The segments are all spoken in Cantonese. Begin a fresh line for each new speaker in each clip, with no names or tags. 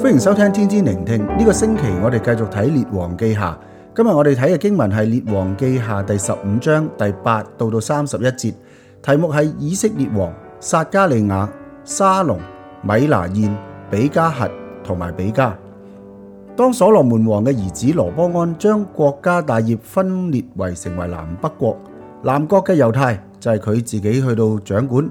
歡迎收聽天天靈聽呢個星期，我哋繼續睇列王記下。今日我哋睇嘅經文係列王記下第十五章第八到到三十一節，題目係以色列王撒迦利雅、沙龍、米拿現、比加轄同埋比加。當所羅門王嘅兒子羅波安將國家大業分裂為成為南北國。南國嘅猶大就係佢自己去到掌管，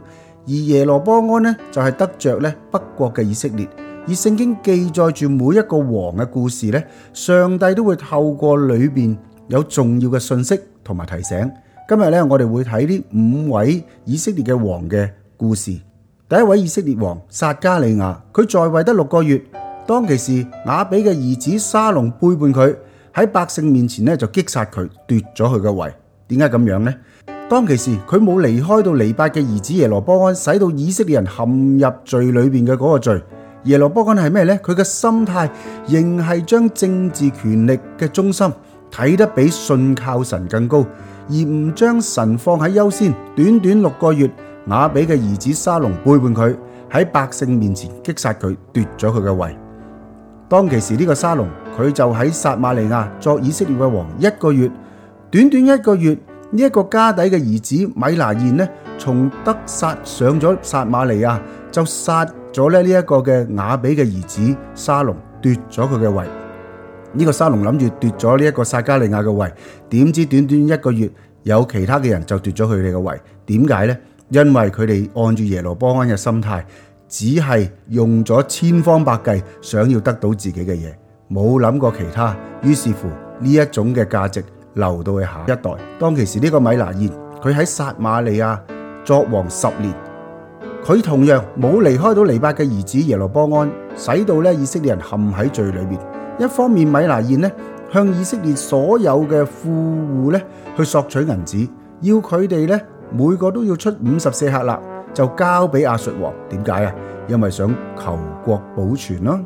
而耶羅波安呢就係得着呢北國嘅以色列。而聖經記載住每一個王嘅故事呢，上帝都會透過裏邊有重要嘅信息同埋提醒。今日呢，我哋會睇呢五位以色列嘅王嘅故事。第一位以色列王撒迦利雅，佢在位得六個月，當其時雅比嘅兒子沙龍背叛佢，喺百姓面前呢就擊殺佢，奪咗佢嘅位。點解咁樣呢？當其時佢冇離開到尼伯嘅兒子耶羅波安，使到以色列人陷入罪裏邊嘅嗰個罪。耶羅波安係咩呢？佢嘅心態仍係將政治權力嘅中心睇得比信靠神更高，而唔將神放喺優先。短短六個月，雅比嘅兒子沙龍背叛佢，喺百姓面前擊殺佢，奪咗佢嘅位。當其時呢個沙龍，佢就喺撒瑪利亞作以色列嘅王一個月。短短一個月，呢、這、一個迦底嘅兒子米拿現呢，從得撒上咗撒馬利亞，就殺咗咧呢一個嘅雅比嘅兒子沙龍，奪咗佢嘅位。呢、這個沙龍諗住奪咗呢一個撒迦利雅嘅位，點知短短一個月有其他嘅人就奪咗佢哋嘅位。點解呢？因為佢哋按住耶羅波安嘅心態，只係用咗千方百計想要得到自己嘅嘢，冇諗過其他。於是乎呢一種嘅價值。流到去下一代。當其時呢個米拿現，佢喺撒瑪利亞作王十年，佢同樣冇離開到尼八嘅兒子耶羅波安，使到咧以色列人陷喺罪裏面。一方面米拿現咧向以色列所有嘅富戶咧去索取銀紙，要佢哋咧每個都要出五十舍客勒，就交俾亞述王。點解啊？因為想求國保存咯。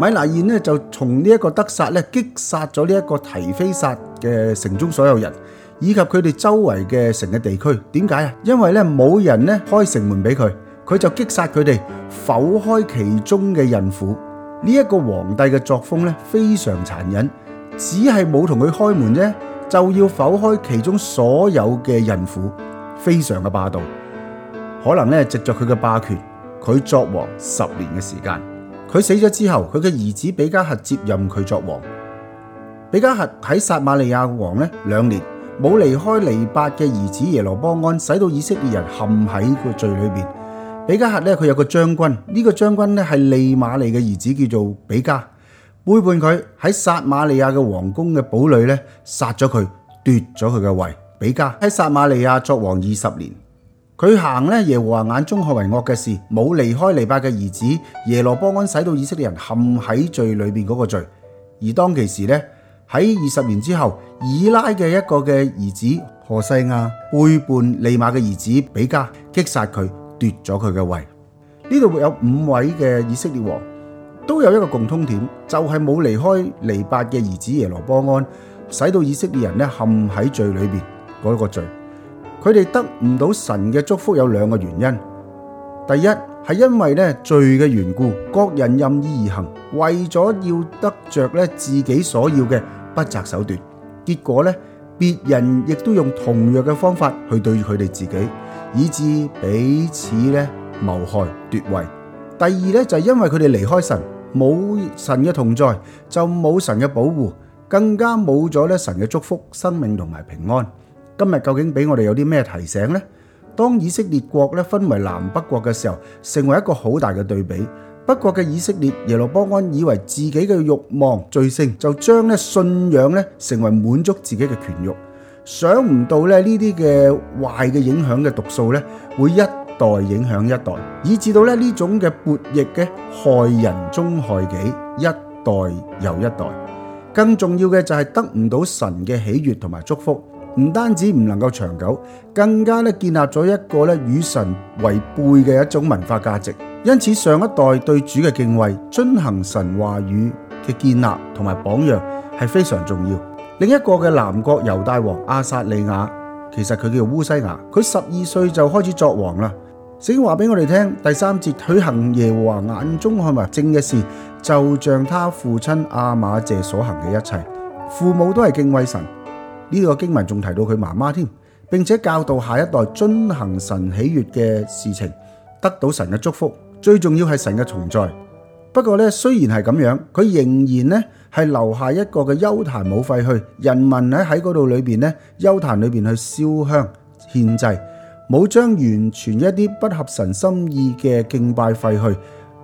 米拿現呢就從呢一個得撒呢擊殺咗呢一個提斐薩嘅城中所有人，以及佢哋周圍嘅城嘅地區。點解啊？因為呢冇人呢開城門俾佢，佢就擊殺佢哋，剖開其中嘅孕婦。呢一個皇帝嘅作風呢非常殘忍，只係冇同佢開門啫，就要剖開其中所有嘅孕婦，非常嘅霸道。可能呢藉着佢嘅霸權，佢作王十年嘅時間。佢死咗之後，佢嘅兒子比加轄接任佢作王。比加轄喺撒瑪利亞王咧兩年，冇離開尼八嘅兒子耶羅波安，使到以色列人陷喺個罪裏邊。比加轄咧佢有個將軍，呢、這個將軍咧係利瑪利嘅兒子，叫做比加，背叛佢喺撒瑪利亞嘅王宮嘅堡壘咧殺咗佢，奪咗佢嘅位。比加喺撒瑪利亞作王二十年。佢行咧耶和華眼中看為惡嘅事，冇離開尼八嘅兒子耶羅波安，使到以色列人陷喺罪裏邊嗰個罪。而當其時咧，喺二十年之後，以拉嘅一個嘅兒子何細亞背叛利瑪利嘅兒子比加，擊殺佢，奪咗佢嘅位。呢度會有五位嘅以色列王，都有一個共通點，就係冇離開尼八嘅兒子耶羅波安，使到以色列人咧陷喺罪裏邊嗰個罪。佢哋得唔到神嘅祝福有兩個原因，第一係因為咧罪嘅緣故，各人任意而行，為咗要得着咧自己所要嘅，不擇手段。結果咧，別人亦都用同樣嘅方法去對佢哋自己，以致彼此咧謀害奪位。第二咧就係因為佢哋離開神，冇神嘅同在，就冇神嘅保護，更加冇咗咧神嘅祝福、生命同埋平安。今日究竟俾我哋有啲咩提醒呢？當以色列國咧分為南北國嘅時候，成為一個好大嘅對比。北國嘅以色列耶羅波安以為自己嘅欲望、罪性，就將咧信仰咧成為滿足自己嘅權欲。想唔到咧呢啲嘅壞嘅影響嘅毒素咧，會一代影響一代，以致到咧呢種嘅叛逆嘅害人終害己，一代又一代。更重要嘅就係得唔到神嘅喜悅同埋祝福。唔單止唔能夠長久，更加呢建立咗一個呢與神為背的一種文化價值。呢個經文仲提到佢媽媽添，並且教導下一代遵行神喜悅嘅事情，得到神嘅祝福。最重要係神嘅存在。不過咧，雖然係咁樣，佢仍然咧，係留下一個嘅邱壇冇廢去，人民喺喺嗰度裏邊咧邱壇裏邊去燒香獻祭，冇將完全一啲不合神心意嘅敬拜廢去，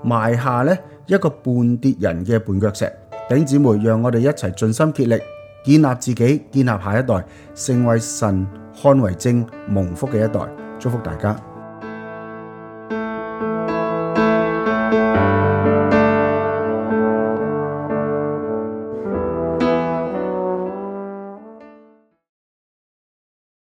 埋下咧一個絆跌人嘅絆腳石。弟兄姊妹，讓我哋一齊盡心竭力。建立自己，建立下一代，成為神看為正蒙福嘅一代，祝福大家。